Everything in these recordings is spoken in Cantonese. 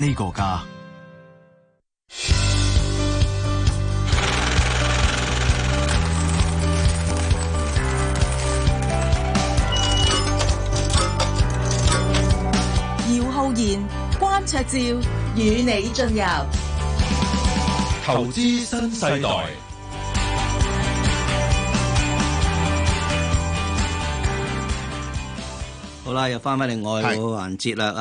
呢、這個家，姚浩然、關卓照與你盡遊，投資新世代。好啦，又翻翻另外個環節啦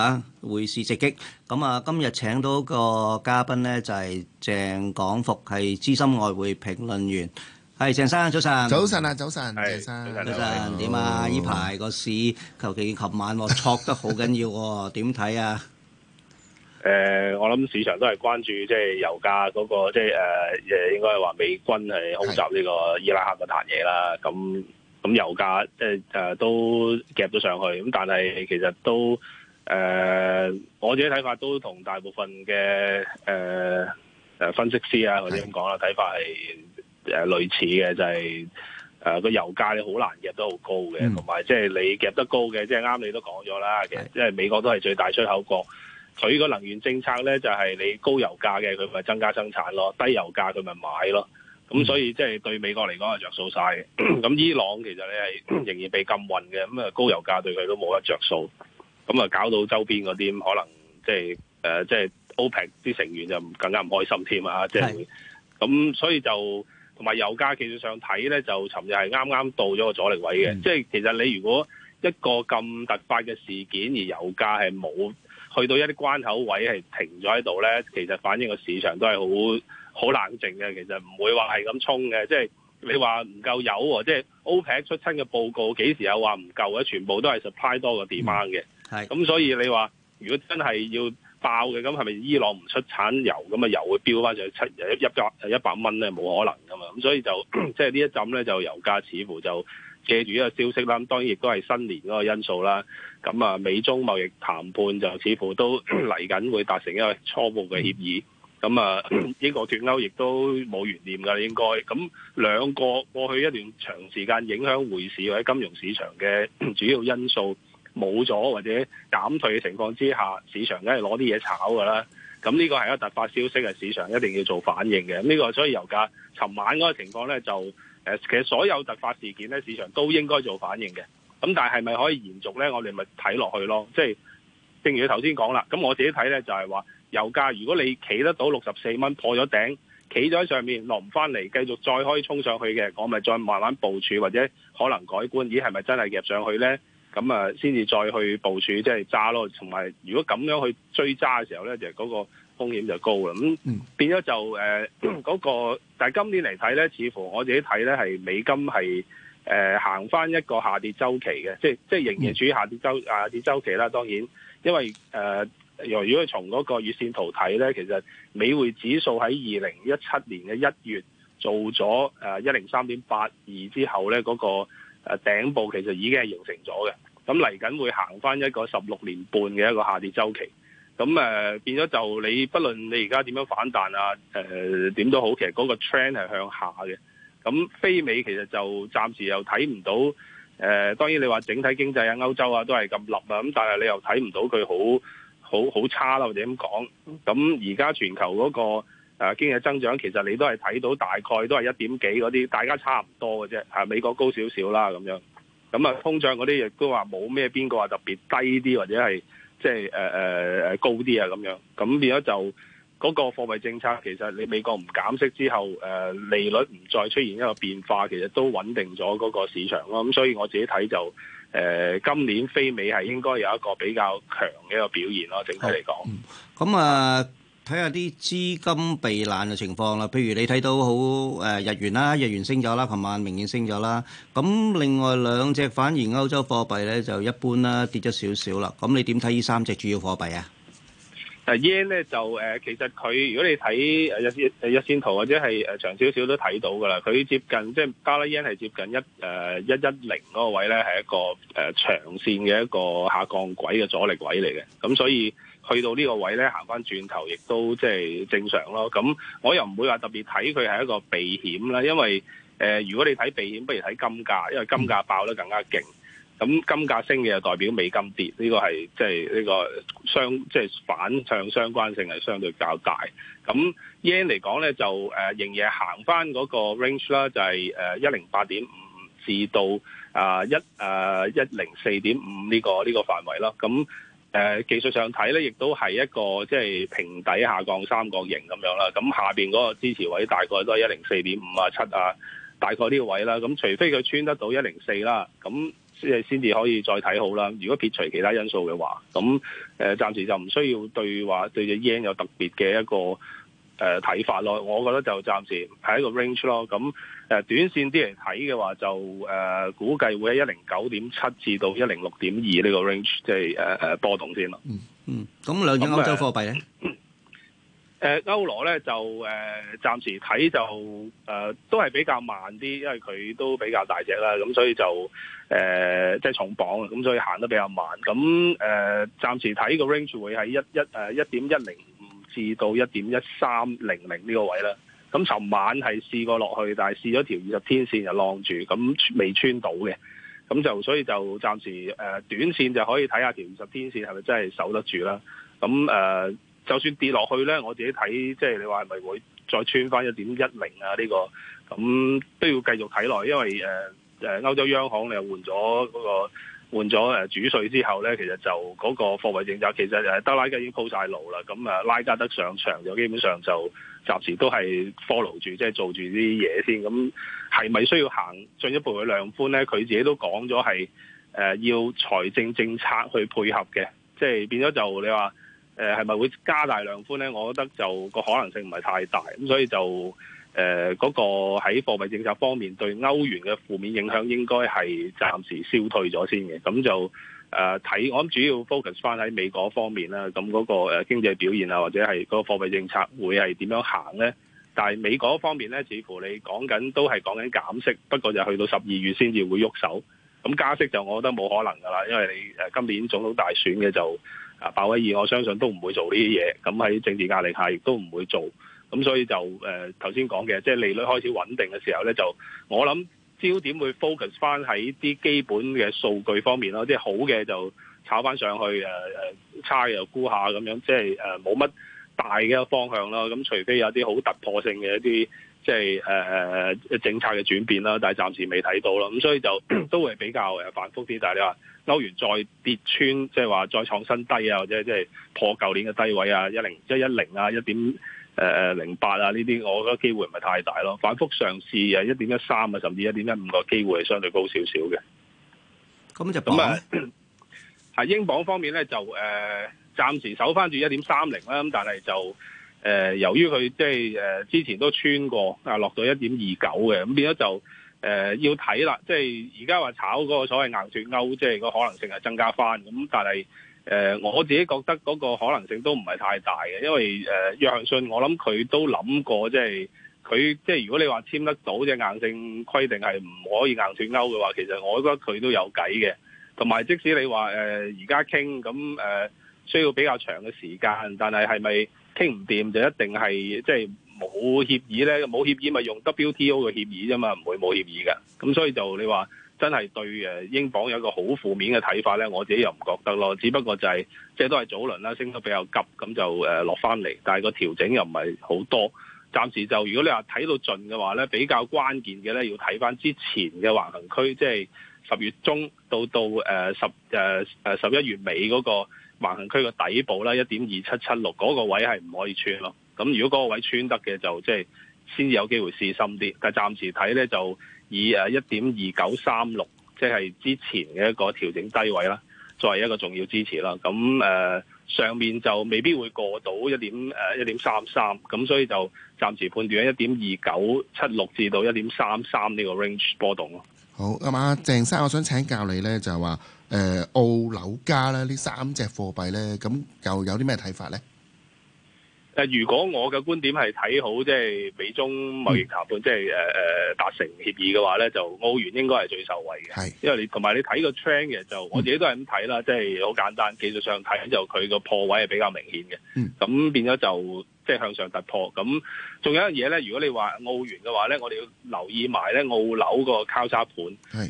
嚇，匯市直擊。咁啊，今日請到個嘉賓咧，就係鄭廣復，係資深外匯評論員。係鄭生，早晨。早晨啊，早晨，鄭生，早晨。點啊？呢排個市，求其琴晚挫得好緊要喎，點睇啊？誒，我諗市場都係關注即係油價嗰個，即係誒誒，應該話美軍係空襲呢個伊拉克嗰壇嘢啦，咁。咁油價即係誒都夾到上去，咁但係其實都誒、呃、我自己睇法都同大部分嘅誒誒分析師啊嗰啲咁講啦，睇法係誒類似嘅，就係誒個油價好難夾得好高嘅，同埋即係你夾得高嘅，即係啱你都講咗啦，其實即係美國都係最大出口國，佢個能源政策咧就係、是、你高油價嘅佢咪增加生產咯，低油價佢咪買咯。咁、嗯嗯、所以即係、就是、對美國嚟講係着數晒嘅。咁 伊朗其實你係 仍然被禁運嘅，咁啊高油價對佢都冇得着數。咁、嗯、啊搞到周邊嗰啲可能即係誒即係 OPEC 啲成員就更加唔開心添啊！即係咁，所以就同埋油價其術上技術上睇咧，就尋日係啱啱到咗個阻力位嘅、嗯。即係其實你如果一個咁突發嘅事件而油價係冇去到一啲關口位係停咗喺度咧，其實反映個市場都係好好冷靜嘅，其實唔會話係咁衝嘅，即係你話唔夠油，即、就、係、是、OPEC 出親嘅報告幾時有話唔夠嘅？全部都係 supply 多過 demand 嘅。咁、嗯嗯，所以你話如果真係要爆嘅，咁係咪伊朗唔出產油咁啊油會飆翻上七一一,一百一百蚊咧？冇可能噶嘛，咁所以就即係呢一陣咧就油價似乎就借住呢個消息啦，當然亦都係新年嗰個因素啦。咁、嗯、啊，美中貿易談判就似乎都嚟緊會達成一個初步嘅協議。咁啊，呢個脫歐亦都冇懸念噶，應該咁兩個過去一段長時間影響匯市或者金融市場嘅 主要因素冇咗或者減退嘅情況之下，市場梗係攞啲嘢炒噶啦。咁呢個係一個突發消息，係市場一定要做反應嘅。呢個所以油價，尋晚嗰個情況呢，就、呃、其實所有突發事件呢，市場都應該做反應嘅。咁但係係咪可以延續呢？我哋咪睇落去咯。即係正如你頭先講啦。咁我自己睇呢，就係、是、話。油價如果你企得到六十四蚊破咗頂，企咗喺上面落唔翻嚟，繼續再可以衝上去嘅，我咪再慢慢部署或者可能改觀。咦、啊，係咪真係夾上去咧？咁啊，先、嗯、至再去部署，即係揸咯。同埋，如果咁樣去追揸嘅時候咧，就、那、嗰個風險就高啦。咁變咗就誒嗰個，但係今年嚟睇咧，似乎我自己睇咧係美金係誒、呃、行翻一個下跌周期嘅，即係即係仍然處於下跌周、嗯、下跌周期啦。當然，因為誒。呃若如果從嗰個月線圖睇呢，其實美匯指數喺二零一七年嘅一月做咗誒一零三點八二之後呢，嗰、那個誒頂部其實已經係形成咗嘅。咁嚟緊會行返一個十六年半嘅一個下跌周期。咁誒、呃、變咗就你，不論你而家點樣反彈啊，誒點都好，其實嗰個 trend 係向下嘅。咁非美其實就暫時又睇唔到誒、呃。當然你話整體經濟啊、歐洲啊都係咁立啊，咁但係你又睇唔到佢好。好好差啦，或者咁講。咁而家全球嗰個、那個、啊、經濟增長，其實你都係睇到大概都係一點幾嗰啲，大家差唔多嘅啫。啊，美國高少少啦咁樣咁啊，通脹嗰啲亦都話冇咩邊個話特別低啲，或者係即係誒誒誒高啲啊，咁樣咁，變咗就嗰個、那個貨幣政策其實你美國唔減息之後，誒、啊、利率唔再出現一個變化，其實都穩定咗嗰個市場咯。咁、啊、所以我自己睇就。誒、呃，今年非美係應該有一個比較強嘅一個表現咯，整體嚟講。咁、哦、啊，睇下啲資金避難嘅情況啦。譬如你睇到好誒日元啦，日元升咗啦，琴晚明顯升咗啦。咁另外兩隻反而歐洲貨幣咧就一般啦，跌咗少少啦。咁你點睇呢三隻主要貨幣啊？但 yen 呢咧就誒、呃，其實佢如果你睇一一一線圖或者係誒長少少都睇到㗎啦，佢接近即係加啦 yen 係接近一誒一一零嗰個位咧，係一個誒、呃、長線嘅一個下降軌嘅阻力位嚟嘅，咁所以去到呢個位咧行翻轉頭亦都即係正常咯。咁我又唔會話特別睇佢係一個避險啦，因為誒、呃、如果你睇避險，不如睇金價，因為金價爆得更加勁。咁金價升嘅就代表美金跌，呢、這個係即係呢個相即係反向相關性係相對較大。咁 yen 嚟講咧就誒、呃、仍然行翻嗰個 range 啦，就係誒一零八點五至到啊一誒一零四點五呢個呢、這個範圍啦。咁誒技術上睇咧，亦都係一個即係、就是、平底下降三角形咁樣啦。咁下面嗰個支持位大概都係一零四點五啊七啊，大概呢個位啦。咁除非佢穿得到一零四啦，咁。即係先至可以再睇好啦。如果撇除其他因素嘅話，咁誒、呃，暫時就唔需要對話對隻 yen 有特別嘅一個誒睇、呃、法咯。我覺得就暫時係一個 range 咯。咁誒、呃，短線啲嚟睇嘅話就，就、呃、誒估計會喺一零九點七至到一零六點二呢個 range，即係誒誒波動先啦。嗯嗯，咁兩隻歐洲貨幣咧？誒、呃、歐羅咧就誒、呃、暫時睇就誒、呃、都係比較慢啲，因為佢都比較大隻啦，咁所以就誒即係重磅，咁所以行得比較慢。咁誒、呃、暫時睇個 range 會喺一一誒一點一零五至到一點一三零零呢個位啦。咁尋晚係試過落去，但係試咗條二十天線就晾住，咁未穿到嘅。咁就所以就暫時誒、呃、短線就可以睇下條二十天線係咪真係守得住啦。咁誒、呃就算跌落去咧，我自己睇，即、就、係、是、你話係咪會再穿翻一點一零啊？呢、這個咁都要繼續睇落，因為誒誒、呃、歐洲央行又換咗嗰、那個換咗誒主帥之後咧，其實就嗰個貨幣政策其實誒德拉吉已經鋪晒路啦。咁誒拉加德上場就基本上就暫時都係 follow 住，即、就、係、是、做住啲嘢先。咁係咪需要行進一步嘅量寬咧？佢自己都講咗係誒要財政政策去配合嘅，即、就、係、是、變咗就你話。誒係咪會加大量寬呢？我覺得就個可能性唔係太大，咁所以就誒嗰、呃那個喺貨幣政策方面對歐元嘅負面影響應該係暫時消退咗先嘅。咁就誒睇、呃、我諗主要 focus 翻喺美國方面啦。咁嗰個誒經濟表現啊，或者係個貨幣政策會係點樣行呢？但係美國方面呢，似乎你講緊都係講緊減息，不過就去到十二月先至會喐手。咁加息就我覺得冇可能㗎喇，因為你今年總統大選嘅就。啊，鮑威爾我相信都唔會做呢啲嘢，咁喺政治壓力下亦都唔會做，咁所以就誒頭先講嘅，即係利率開始穩定嘅時候咧，就我諗焦點會 focus 翻喺啲基本嘅數據方面咯，即係好嘅就炒翻上去，誒、呃、差嘅就估沽下咁樣，即係誒冇乜大嘅方向咯，咁除非有啲好突破性嘅一啲。即係誒誒政策嘅轉變啦，但係暫時未睇到咯，咁所以就都會比較誒反覆啲。但係你話歐元再跌穿，即係話再創新低啊，或者即係破舊年嘅低位啊，一零一一零啊，一點誒零八啊，呢啲我覺得機會唔係太大咯。反覆上試啊，一點一三啊，甚至一點一五嘅機會係相對高少少嘅。咁就咁啊。係英鎊方面咧，就誒、呃、暫時守翻住一點三零啦，咁但係就。誒、呃，由於佢即係誒之前都穿過啊，落到一點二九嘅咁，那變咗就誒、呃、要睇啦。即係而家話炒嗰個所謂硬脫鈎，即、就、係、是、個可能性係增加翻咁，但係誒、呃、我自己覺得嗰個可能性都唔係太大嘅，因為誒、呃、約翰遜，我諗佢都諗過、就是，即係佢即係如果你話簽得到即係硬性規定係唔可以硬脫鈎嘅話，其實我覺得佢都有計嘅。同埋即使你話誒而家傾咁誒需要比較長嘅時間，但係係咪？傾唔掂就一定係即係冇協議呢。冇協議咪用 WTO 嘅協議啫嘛，唔會冇協議嘅。咁所以就你話真係對誒英鎊有個好負面嘅睇法呢，我自己又唔覺得咯。只不過就係、是、即係都係早輪啦，升得比較急，咁就誒落翻嚟，但係個調整又唔係好多。暫時就如果你話睇到盡嘅話呢，比較關鍵嘅呢，要睇翻之前嘅橫行區，即係十月中到到十誒誒十一月尾嗰、那個。橫行區個底部啦，一點二七七六嗰個位係唔可以穿咯，咁如果嗰個位穿得嘅就即係先至有機會試深啲，但係暫時睇呢，就以誒一點二九三六，即係之前嘅一個調整低位啦，作為一個重要支持啦。咁誒、呃、上面就未必會過到一點誒一點三三，咁所以就暫時判斷一點二九七六至到一點三三呢個 range 波動咯。好，咁啊，鄭生，我想請教你呢，就係話。誒、呃、澳樓加啦，呢三隻貨幣咧，咁又有啲咩睇法咧？誒，如果我嘅觀點係睇好，即、就、係、是、美中貿易談判，即係誒誒達成協議嘅話咧，就澳元應該係最受惠嘅，係因為你同埋你睇個 train 嘅就、嗯，我自己都係咁睇啦，即係好簡單，技術上睇就佢個破位係比較明顯嘅，咁、嗯、變咗就即係、就是、向上突破。咁仲有一樣嘢咧，如果你話澳元嘅話咧，我哋要留意埋咧澳樓個交叉盤，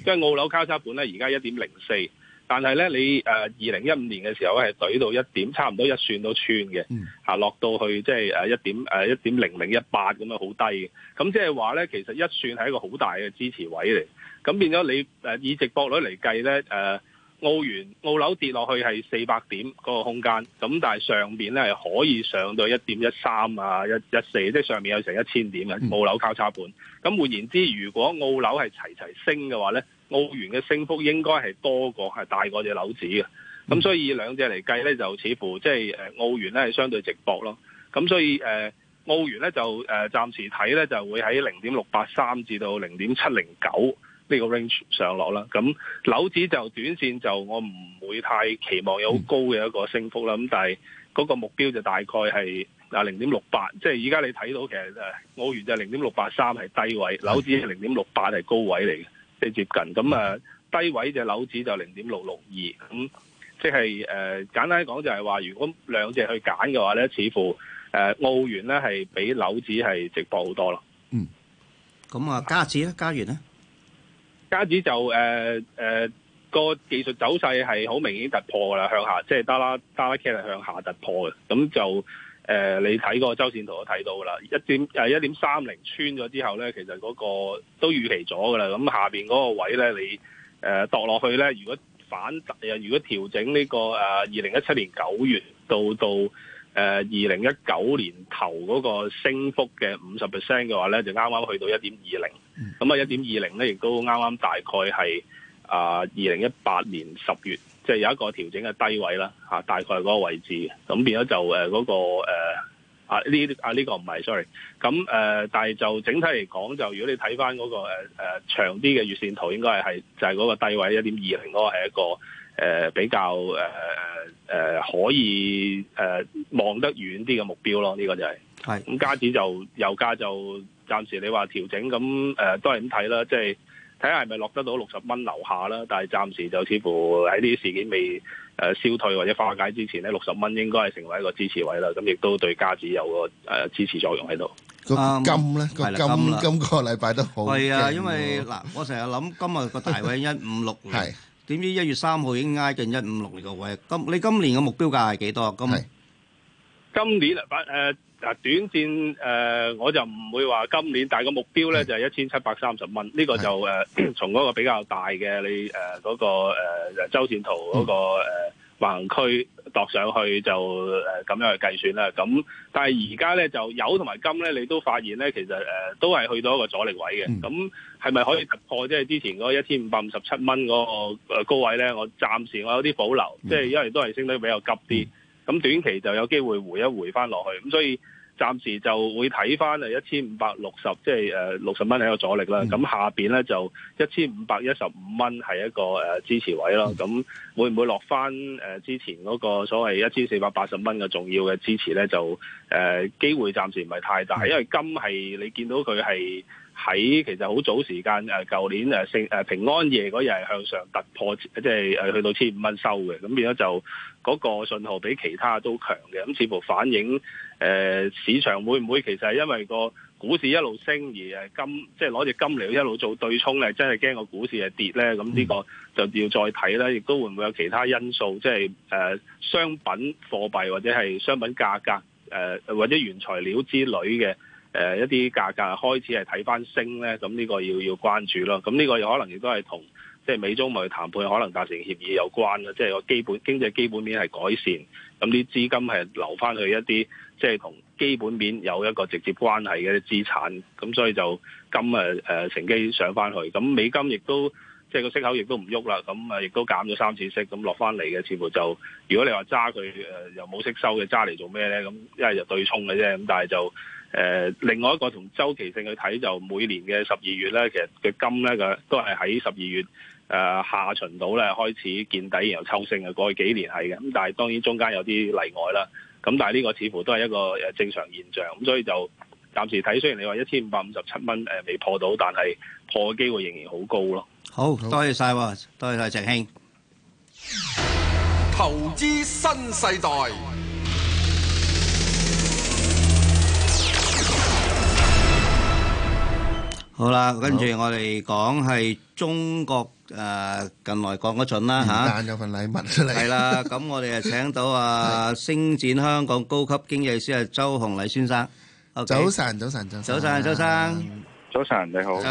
因為澳樓交叉盤咧而家一點零四。但係咧，你誒二零一五年嘅時候係懟到一點，差唔多一算都穿嘅，嚇、嗯啊、落到去即係誒一點誒一點零零一八咁樣好低嘅。咁即係話咧，其實一算係一個好大嘅支持位嚟。咁變咗你誒、呃、以值博率嚟計咧，誒、呃、澳元澳樓跌落去係四百點嗰個空間，咁但係上邊咧係可以上到一點一三啊，一一四，即係上面有成一千點嘅澳樓交叉盤。咁換言之，如果澳樓係齊齊升嘅話咧。澳元嘅升幅應該係多過係大過隻樓指嘅，咁所以以兩隻嚟計咧就似乎即係澳元咧係相對值博咯，咁所以誒澳、呃、元咧就誒暫、呃、時睇咧就會喺零點六八三至到零點七零九呢個 range 上落啦，咁樓指就短線就我唔會太期望有好高嘅一個升幅啦，咁、嗯、但係嗰個目標就大概係啊零點六八，即係而家你睇到其實澳、呃、元就係零點六八三係低位，樓指係零點六八係高位嚟嘅。最接近咁啊，低位隻樓指就零點六六二，咁即係誒、呃、簡單講就係話，如果兩隻去揀嘅話咧，似乎誒澳、呃、元咧係比樓指係直播好多啦。嗯，咁、嗯、啊，加指咧，加元咧，加指就誒誒個技術走勢係好明顯突破噶啦，向下即係得啦得拉 K 係向下突破嘅，咁就。誒、呃，你睇個周線圖就睇到噶啦，一點誒一點三零穿咗之後咧，其實嗰個都預期咗噶啦。咁下邊嗰個位咧，你誒墮落去咧，如果反彈、呃、如果調整呢、呢個誒二零一七年九月到到誒二零一九年頭嗰個升幅嘅五十 percent 嘅話咧，就啱啱去到一點二零。咁啊，一點二零咧，亦都啱啱大概係啊二零一八年十月。即、就、係、是、有一個調整嘅低位啦，吓大概嗰個位置嘅，咁變咗就誒嗰、呃那個啊呢、這個、啊呢、這個唔係，sorry，咁、呃、但係就整體嚟講，就如果你睇翻嗰個誒誒、呃、長啲嘅月線圖，應該係係就係、是、嗰個低位一點二零嗰個係一個、呃、比較、呃呃、可以、呃、望得遠啲嘅目標咯，呢、這個就係係咁，家就油價就暫時你話調整，咁、呃、都係咁睇啦，即、就、係、是。睇下係咪落得到六十蚊樓下啦，但係暫時就似乎喺呢啲事件未誒消退或者化解之前咧，六十蚊應該係成為一個支持位啦，咁亦都對家子有個誒支持作用喺度。個金咧，個金今個禮拜都好。係啊，因為嗱，我成日諗今日個大位一五六零，點知一月三號已經挨近一五六零個位。咁你今年嘅目標價係幾多啊？咁今年啊，反誒。短線誒、呃，我就唔會話今年，但係個目標咧就係一千七百三十蚊，呢、這個就誒、呃、從嗰個比較大嘅你誒嗰、呃那個誒、呃、周線圖嗰、那個誒、呃、橫區度上去就誒咁、呃、樣去計算啦。咁但係而家咧就油同埋金咧，你都發現咧，其實誒、呃、都係去到一個阻力位嘅。咁係咪可以突破即係、就是、之前嗰一千五百五十七蚊嗰個高位咧？我暫時我有啲保留，即、就、係、是、因為都係升得比較急啲，咁短期就有機會回一回翻落去。咁所以。暫時就會睇翻係一千五百六十，即係誒六十蚊係一個阻力啦。咁下邊咧就一千五百一十五蚊係一個誒、呃、支持位咯。咁會唔會落翻誒之前嗰個所謂一千四百八十蚊嘅重要嘅支持咧？就誒、呃、機會暫時唔係太大，因為金係你見到佢係。喺其實好早時間誒，舊年誒平安夜嗰日向上突破，即係去到千五蚊收嘅，咁變咗就嗰個信號比其他都強嘅。咁似乎反映誒、呃、市場會唔會其實係因為個股市一路升而誒金，即係攞住金嚟一路做對沖，係真係驚個股市係跌咧？咁呢個就要再睇啦。亦都會唔會有其他因素，即係誒商品貨幣或者係商品價格誒、呃、或者原材料之類嘅？誒、呃、一啲價格開始係睇翻升咧，咁呢個要要關注咯。咁呢個有可能亦都係同即係美中貿易談判可能達成協議有關啦。即係個基本經濟基本面係改善，咁啲資金係留翻去一啲即係同基本面有一個直接關係嘅資產，咁所以就今日誒乘機上翻去。咁美金亦都即係、就是、個息口亦都唔喐啦，咁誒亦都減咗三次息，咁落翻嚟嘅似乎就如果你話揸佢誒又冇息收嘅揸嚟做咩咧？咁一係就對沖嘅啫，咁但係就。誒，另外一個同周期性去睇，就每年嘅十二月咧，其實嘅金咧都係喺十二月下旬到咧開始見底，然後抽升，又過去幾年係嘅。咁但係當然中間有啲例外啦。咁但係呢個似乎都係一個正常現象。咁所以就暫時睇，雖然你話一千五百五十七蚊未破到，但係破嘅機會仍然好高咯。好，多謝晒，多謝晒，謝，鄭兄。投資新世代。好啦，跟住我地講係中國，呃，近來降個準，呃，但有份禮物出嚟，呃，咁我地呀，請到啊，星展香港高級經濟師周洪禮先生，呃，早晨，早晨，早晨，早晨，早晨，你好，呃，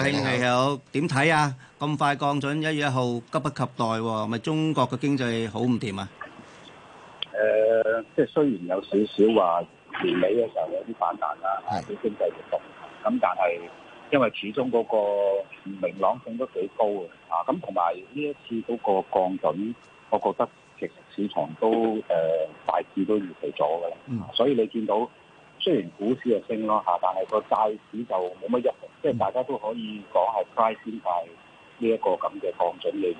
因為始終嗰個明朗性都幾高嘅，啊咁同埋呢一次嗰個降準，我覺得其實市場都誒、呃、大致都預期咗嘅啦。所以你見到雖然股市就升咯嚇、啊，但係個債市就冇乜入，即、嗯、係、就是、大家都可以講係 Price 先帶呢一個咁嘅降準嘅預。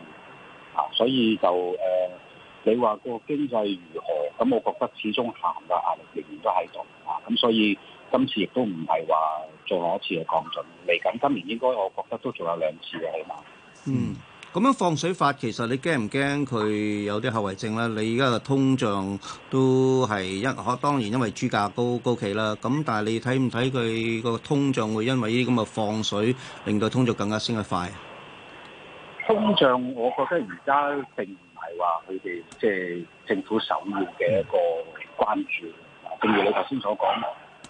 啊，所以就誒、呃，你話個經濟如何？咁我覺得始終下行嘅壓力仍然都喺度。啊，咁所以今次亦都唔係話，做下一次嘅降準，嚟緊今年應該我覺得都仲有兩次嘅，好嘛？嗯，咁樣放水法其實你驚唔驚佢有啲後遺症咧？你而家嘅通脹都係一可，當然因為豬價高高企啦。咁但係你睇唔睇佢個通脹會因為呢啲咁嘅放水令到通脹更加升得快？通脹我覺得而家並唔係話佢哋即係政府首要嘅一個關注，正如你頭先所講，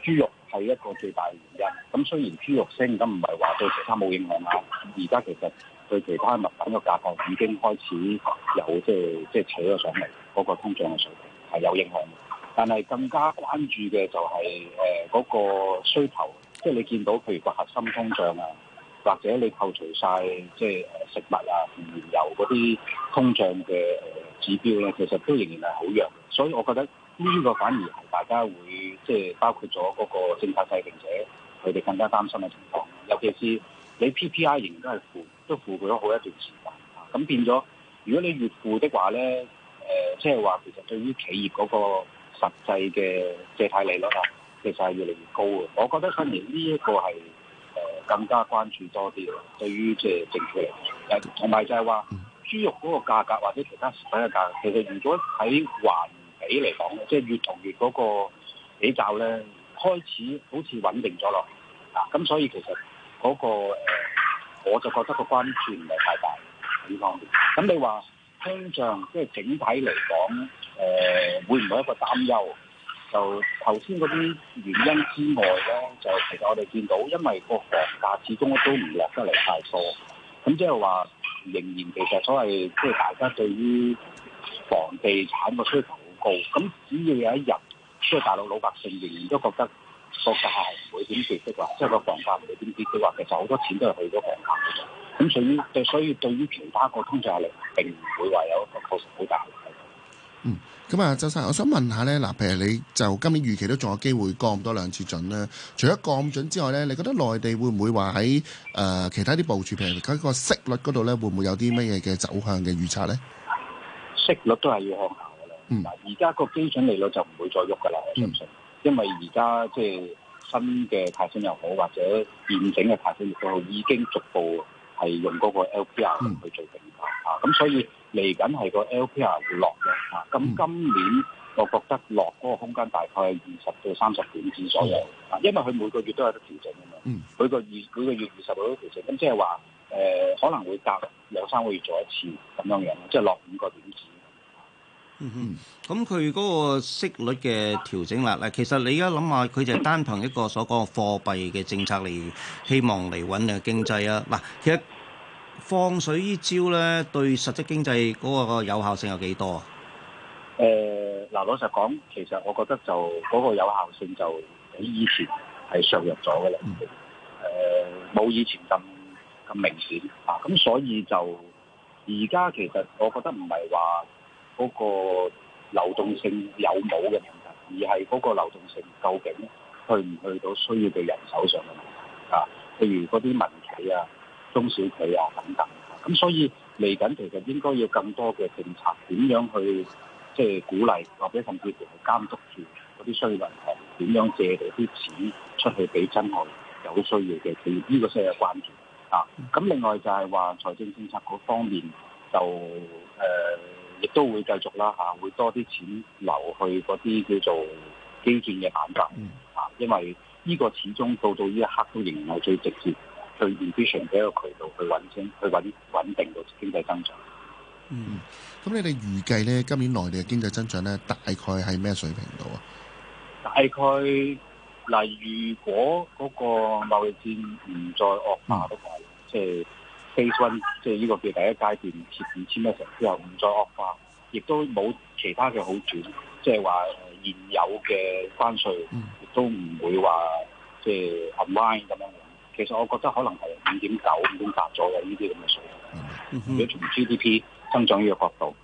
豬肉。係一個最大原因。咁雖然豬肉升，咁唔係話對其他冇影響啦。而家其實對其他物品嘅價格已經開始有即係即係扯咗上嚟，嗰個通脹嘅水平係有影響嘅。但係更加關注嘅就係誒嗰個需求，即係你見到譬如個核心通脹啊，或者你扣除晒即係食物啊、原油嗰啲通脹嘅指標咧，其實都仍然係好弱。所以我覺得呢個反而係大家會，即係包括咗嗰個政策制定者，佢哋更加擔心嘅情況。尤其是你 PPI 仍然都係負，都負佢咗好一段時間。咁變咗，如果你越負的話咧，誒即係話其實對於企業嗰個實際嘅借貸利率啊，其實係越嚟越高嘅。我覺得反而呢一個係誒更加關注多啲咯，對於即係政府嚟講。同埋就係話豬肉嗰個價格或者其他食品嘅價格，其實如果喺環比嚟講，即係越同越嗰個。比較咧開始好似穩定咗咯，啊！咁所以其實嗰、那個我就覺得個關注唔係太大呢方面。咁你話通脹即係、就是、整體嚟講，誒、欸、會唔會有一個擔憂？就頭先嗰啲原因之外咧，就其實我哋見到，因為個房價始終都唔落得嚟太多，咁即係話仍然其實所謂即係、就是、大家對於房地產個需求好高，咁只要有一日。即係大陸老百姓仍然都覺得國家係唔會點跌㗎，即係個房價唔會點跌，即係話其實好多錢都係去咗房價嘅。咁所，所以對，所以對於其他個通脹壓力並唔會話有一個確實好大嘅。嗯，咁啊，周生，我想問下咧，嗱，譬如你就今年預期都仲有機會降多兩次準咧，除咗降準之外咧，你覺得內地會唔會話喺誒其他啲部署，譬如佢個息率嗰度咧，會唔會有啲乜嘢嘅走向嘅預測咧？息率都係要降。嗱、嗯，而家個基準利率就唔會再喐噶啦，我相信，因為而家即係新嘅貸款又好，或者現整嘅貸款亦都已經逐步係用嗰個 LPR 去做定價、嗯、啊，咁所以嚟緊係個 LPR 會落嘅啊，咁今年我覺得落嗰個空間大概係二十到三十點子左右啊、嗯，因為佢每個月都有得調整啊嘛、嗯，每個月每個月二十個都調整，咁即係話誒可能會隔兩三個月做一次咁樣樣，即係落五個點子。嗯哼，咁佢嗰個息率嘅調整啦，嗱，其實你而家諗下，佢就係單憑一個所講嘅貨幣嘅政策嚟希望嚟穩你嘅經濟啊，嗱，其實放水依招咧，對實質經濟嗰個有效性有幾多？誒，嗱，老實講，其實我覺得就嗰、嗰個有效性就比以前係削弱咗嘅啦，誒、嗯，冇、呃、以前咁咁明顯啊，咁所以就而家其實我覺得唔係話。嗰、那個流動性有冇嘅問題，而係嗰個流動性究竟去唔去到需要嘅人手上嘅問題。啊，譬如嗰啲民企啊、中小企啊等等。咁所以嚟緊其實應該要更多嘅政策點樣去即係、就是、鼓勵，或者甚至乎監督住嗰啲需要銀行點樣借嚟啲錢出去俾真係有需要嘅企業。係、這、呢個需要關注啊。咁另外就係話財政政策嗰方面就、呃亦都會繼續啦，嚇會多啲錢流去嗰啲叫做基建嘅板塊，嚇、嗯，因為呢個始終到到呢一刻都仍然係最直接、最 efficient 嘅一個渠道去穩先，去穩穩定到經濟增長。嗯，咁你哋預計咧今年內地嘅經濟增長咧大概係咩水平度啊？大概嗱，如果嗰個貿易戰唔再惡化嘅話，即、嗯、係。就是 Phase one，即係呢個叫第一階段，設五千 percent 之後唔再惡化，亦都冇其他嘅好轉，即係話現有嘅關稅亦都唔會話即係行歪咁樣。其實我覺得可能係五點九、五點八左右呢啲咁嘅數。如果從 GDP 增長呢個角度。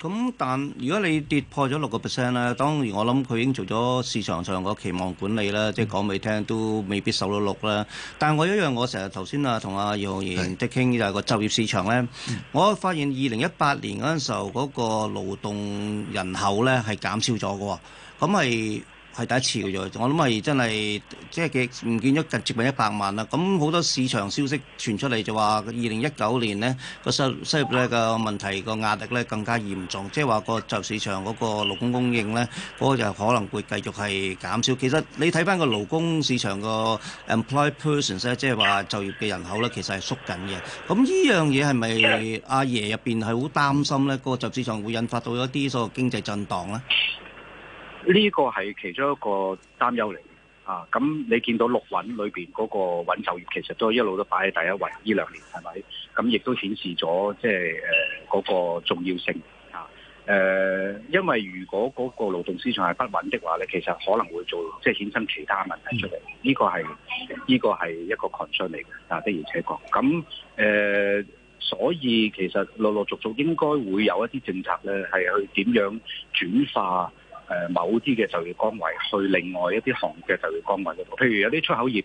咁但如果你跌破咗六個 percent 咧，當然我諗佢已經做咗市場上個期望管理啦，嗯，即係講俾你聽都未必受到六啦。但係我一樣，我成日頭先啊同阿楊浩然即係傾就係，是，個就業市場咧，我發現二零一八年嗰陣時候嗰，那個勞動人口咧係減少咗嘅喎，咁係。係第一次嘅啫，我諗係真係即係唔見咗近接近一百萬啦。咁好多市場消息傳出嚟就話，二零一九年咧個失失業咧個問題個壓力咧更加嚴重，即係話個就市場嗰個勞工供應咧嗰個就可能會繼續係減少。其實你睇翻個勞工市場個 employed persons 咧，即係話就業嘅人口咧，其實係縮緊嘅。咁呢樣嘢係咪阿爺入邊係好擔心咧？個就市場會引發到一啲所謂經濟震盪咧？呢、這個係其中一個擔憂嚟，啊！咁你見到六穩裏面嗰個穩就業，其實都一路都擺喺第一位，呢兩年係咪？咁亦都顯示咗即係嗰個重要性啊！因為如果嗰個勞動市場係不穩的話咧，其實可能會做即係、就是、衍生其他問題出嚟。呢、嗯這個係呢、這個、一個 concern 嚟嘅，啊的而且確。咁、呃、所以其實陸陸續續應該會有一啲政策咧，係去點樣轉化。誒某啲嘅就業崗位去另外一啲行業嘅就業崗位度，譬如有啲出口業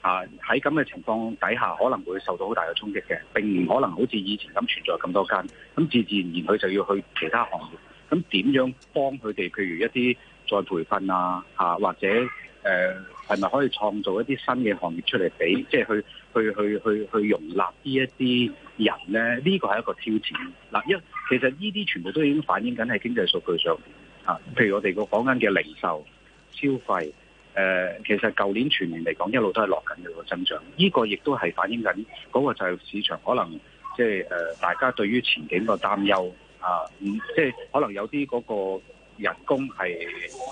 啊，喺咁嘅情況底下，可能會受到好大嘅衝擊嘅，並唔可能好似以前咁存在咁多間，咁自自然然佢就要去其他行業。咁點樣幫佢哋？譬如一啲再培訓啊，吓或者誒係咪可以創造一啲新嘅行業出嚟俾，即係去去去去去容納呢一啲人咧？呢個係一個挑戰嗱，因為其實呢啲全部都已經反映緊喺經濟數據上。啊、譬如我哋個房間嘅零售消費，誒、呃，其實舊年全年嚟講一，一路都係落緊嘅個增長，呢、這個亦都係反映緊嗰個就係市場可能即、就、係、是呃、大家對於前景個擔憂啊，嗯，即、就、係、是、可能有啲嗰個人工係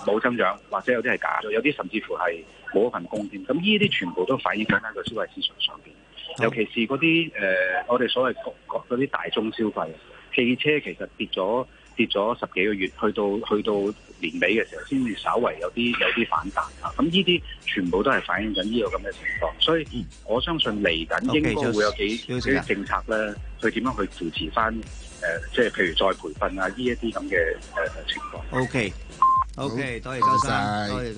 冇增長，或者有啲係假，咗，有啲甚至乎係冇一份工添，咁呢啲全部都反映緊喺個消費市場上面，尤其是嗰啲誒我哋所謂嗰啲大眾消費，汽車其實跌咗。跌咗十幾個月，去到去到年尾嘅時候，先至稍微有啲有啲反彈啊！咁呢啲全部都係反映緊呢個咁嘅情況，所以我相信嚟緊應該會有幾啲、okay，政策咧，去點樣去扶持返誒，即、呃、係譬如再培訓啊呢一啲咁嘅誒情況。O K，O K，多謝晒。